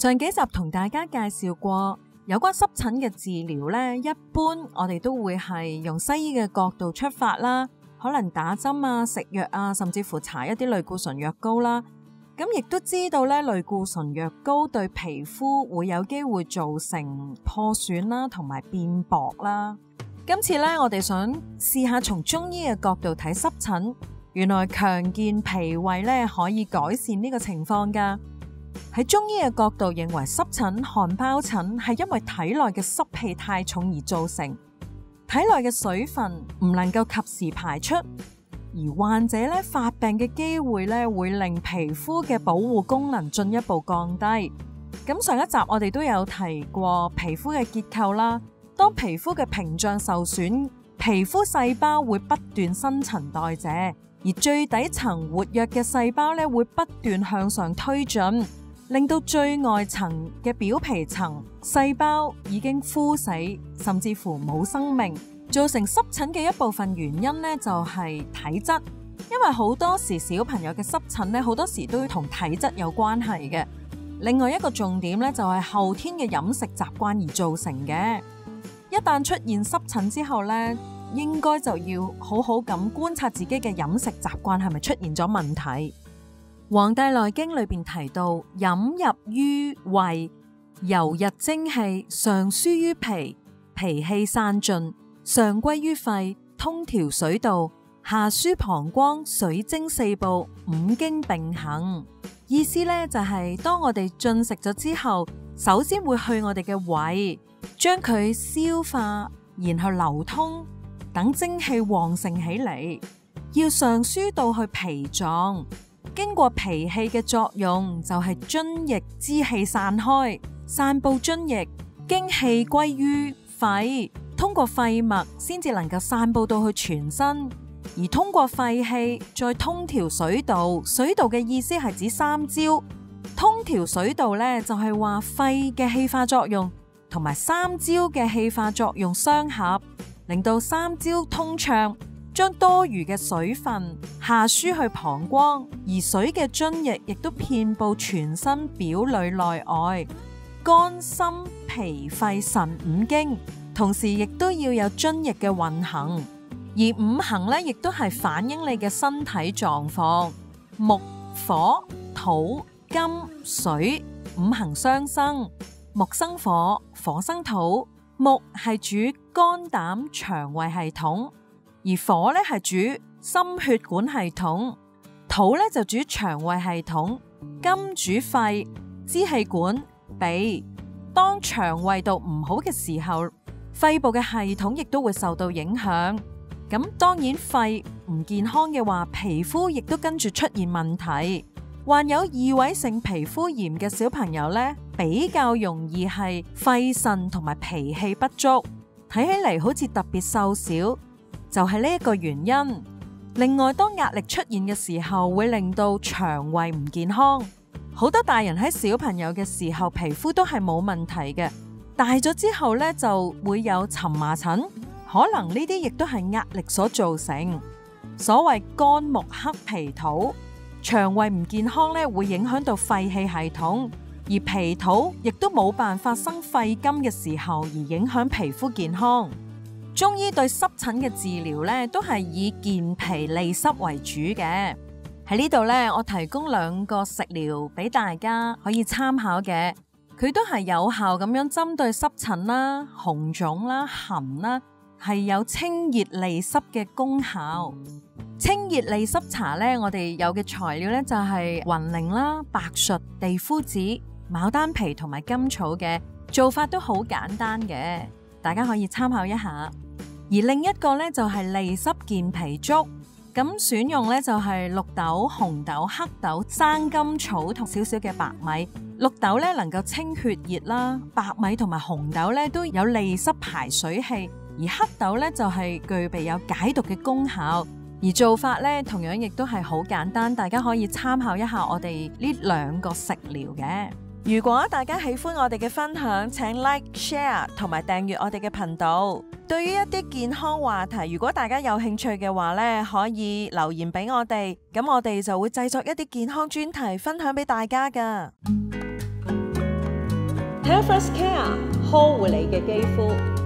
上幾集同大家介紹過有關濕疹嘅治療咧，一般我哋都會係用西醫嘅角度出發啦，可能打針啊、食藥啊，甚至乎搽一啲類固醇藥膏啦。咁亦都知道咧，類固醇藥膏對皮膚會有機會造成破損啦，同埋變薄啦。今次咧，我哋想試下從中醫嘅角度睇濕疹，原來強健脾胃咧可以改善呢個情況噶。喺中醫嘅角度認為，濕疹、汗皰疹係因為體內嘅濕氣太重而造成，體內嘅水分唔能夠及時排出，而患者，咧發病嘅機會咧會令皮膚嘅保護功能進一步降低。咁上一集我哋都有提過皮膚嘅結構啦，當皮膚嘅屏障受損，皮膚細胞會不斷新陳代謝，而最底層活躍嘅細胞咧會不斷向上推進。令到最外層嘅表皮層細胞已經枯死，甚至乎冇生命。造成濕疹嘅一部分原因呢，就係體質，因為好多時小朋友嘅濕疹呢，好多時都要同體質有關係嘅。另外一個重點呢，就係後天嘅飲食習慣而造成嘅。一旦出現濕疹之後呢，應該就要好好咁觀察自己嘅飲食習慣係咪出現咗問題。黃帝內經》裏邊提到，飲入於胃，游溢精氣，上輸於脾，脾氣散精，上歸於肺，通調水道，下輸膀胱，水精四布，五經並行。意思咧就係、是，當我哋進食咗之後，首先會去我哋嘅胃，將佢消化，然後流通，等精氣旺盛起嚟，要上輸到去脾臟。經過脾氣嘅作用，就係、是、津液之氣散開，散布津液，經氣歸於肺，通過肺脈先至能夠散布到去全身，而通過肺氣再通調水道，水道嘅意思係指三焦，通調水道呢就係話肺嘅氣化作用同埋三焦嘅氣化作用相合，令到三焦通暢。將多餘嘅水分下輸去膀胱，而水嘅津液亦都遍佈全身表裏內外，肝心脾肺腎五經，同時亦都要有津液嘅運行。而五行咧，亦都係反映你嘅身體狀況。木、火、土、金、水五行相生，木生火，火生土。木係主肝膽腸胃系統。而火咧係主心血管系統，土咧就主腸胃系統，金主肺、支氣管、鼻。當腸胃道唔好嘅時候，肺部嘅系統亦都會受到影響。咁當然肺唔健康嘅話，皮膚亦都跟住出現問題。患有異位性皮膚炎嘅小朋友呢，比較容易係肺腎同埋脾氣不足，睇起嚟好似特別瘦小。就係呢一個原因。另外，當壓力出現嘅時候，會令到腸胃唔健康。好多大人喺小朋友嘅時候，皮膚都係冇問題嘅，大咗之後呢，就會有蕁麻疹。可能呢啲亦都係壓力所造成。所謂肝木剋脾土，腸胃唔健康呢，會影響到肺氣系統，而脾土亦都冇辦法生肺金嘅時候，而影響皮膚健康。中醫對濕疹嘅治療咧，都係以健脾利濕為主嘅。喺呢度咧，我提供兩個食療俾大家可以參考嘅，佢都係有效咁樣針對濕疹啦、紅腫啦、痕啦，係有清熱利濕嘅功效。清熱利濕茶咧，我哋有嘅材料咧就係、是、雲苓啦、白朮、地膚子、牡丹皮同埋甘草嘅，做法都好簡單嘅。大家可以參考一下，而另一個呢，就係利濕健脾粥，咁選用呢，就係綠豆、紅豆、黑豆、生甘草同少少嘅白米。綠豆呢，能夠清血熱啦，白米同埋紅豆呢，都有利濕排水氣，而黑豆呢，就係具備有解毒嘅功效。而做法呢，同樣亦都係好簡單，大家可以參考一下我哋呢兩個食療嘅。如果大家喜歡我哋嘅分享，請 like、share 同埋訂閱我哋嘅頻道。對於一啲健康話題，如果大家有興趣嘅話咧，可以留言俾我哋，咁我哋就會製作一啲健康專題分享俾大家噶。Health1stcare 呵護你嘅肌膚。